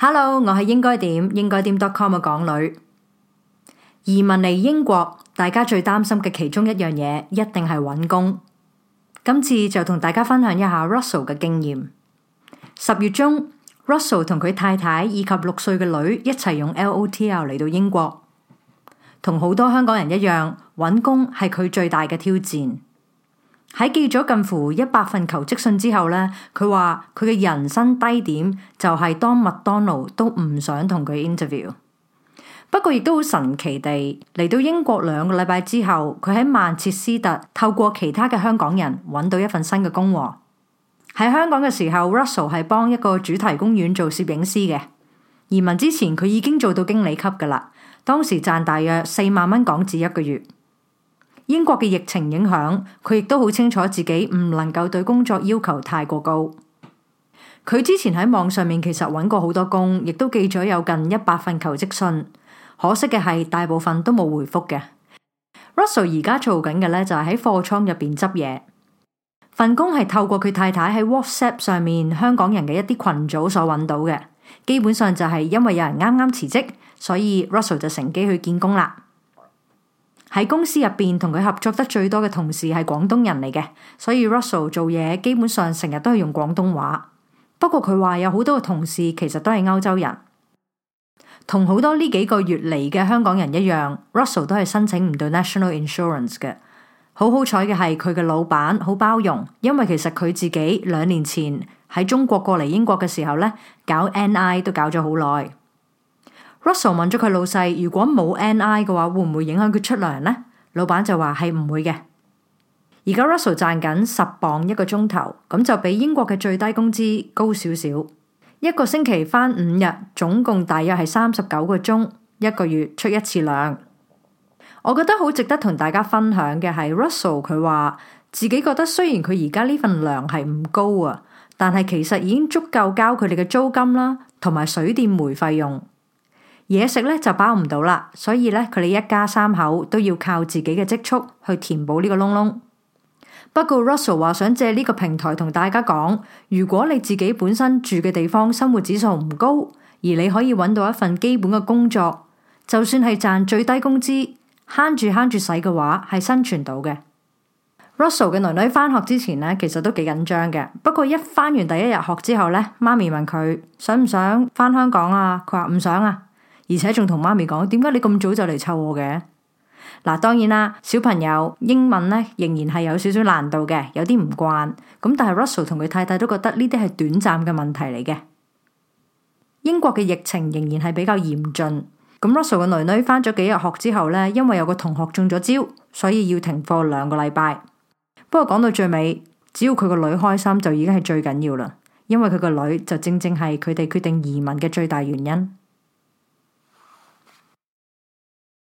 Hello，我係應該點應該點 .com 嘅港女移民嚟英國，大家最擔心嘅其中一樣嘢，一定係揾工。今次就同大家分享一下 Russell 嘅經驗。十月中，Russell 同佢太太以及六歲嘅女一齊用 LOTL 嚟到英國，同好多香港人一樣，揾工係佢最大嘅挑戰。喺寄咗近乎一百份求職信之後咧，佢話佢嘅人生低點就係當麥當勞都唔想同佢 interview。不過亦都好神奇地嚟到英國兩個禮拜之後，佢喺曼徹斯特透過其他嘅香港人揾到一份新嘅工喎。喺香港嘅時候，Russell 係幫一個主題公園做攝影師嘅。移民之前佢已經做到經理級噶啦，當時賺大約四萬蚊港紙一個月。英國嘅疫情影響，佢亦都好清楚自己唔能夠對工作要求太過高。佢之前喺網上面其實揾過好多工，亦都寄咗有近一百份求職信。可惜嘅係大部分都冇回覆嘅。Russell 而家做緊嘅咧就係喺貨倉入邊執嘢，份工係透過佢太太喺 WhatsApp 上面香港人嘅一啲群組所揾到嘅。基本上就係因為有人啱啱辭職，所以 Russell 就乘機去見工啦。喺公司入邊同佢合作得最多嘅同事係廣東人嚟嘅，所以 Russell 做嘢基本上成日都係用廣東話。不過佢話有好多嘅同事其實都係歐洲人，同好多呢幾個月嚟嘅香港人一樣，Russell 都係申請唔到 National Insurance 嘅。好好彩嘅係佢嘅老闆好包容，因為其實佢自己兩年前喺中國過嚟英國嘅時候咧，搞 NI 都搞咗好耐。Russell 問咗佢老細，如果冇 N.I. 嘅話，會唔會影響佢出糧呢？老闆就話係唔會嘅。而家 Russell 賺緊十磅一個鐘頭，咁就比英國嘅最低工資高少少。一個星期返五日，總共大約係三十九個鐘，一個月出一次糧。我覺得好值得同大家分享嘅係 Russell 佢話自己覺得，雖然佢而家呢份糧係唔高啊，但係其實已經足夠交佢哋嘅租金啦，同埋水電煤費用。嘢食咧就包唔到啦，所以咧佢哋一家三口都要靠自己嘅積蓄去填補呢個窿窿。不過 Russell 話想借呢個平台同大家講，如果你自己本身住嘅地方生活指數唔高，而你可以揾到一份基本嘅工作，就算係賺最低工資慳住慳住使嘅話，係生存到嘅。Russell 嘅囡女翻學之前咧，其實都幾緊張嘅。不過一翻完第一日學之後咧，媽咪問佢想唔想翻香港啊？佢話唔想啊。而且仲同媽咪講，點解你咁早就嚟湊我嘅？嗱，當然啦，小朋友英文咧仍然係有少少難度嘅，有啲唔慣。咁但係 Russell 同佢太太都覺得呢啲係短暫嘅問題嚟嘅。英國嘅疫情仍然係比較嚴峻。咁 Russell 個女女返咗幾日學之後咧，因為有個同學中咗招，所以要停課兩個禮拜。不過講到最尾，只要佢個女開心就已經係最緊要啦。因為佢個女就正正係佢哋決定移民嘅最大原因。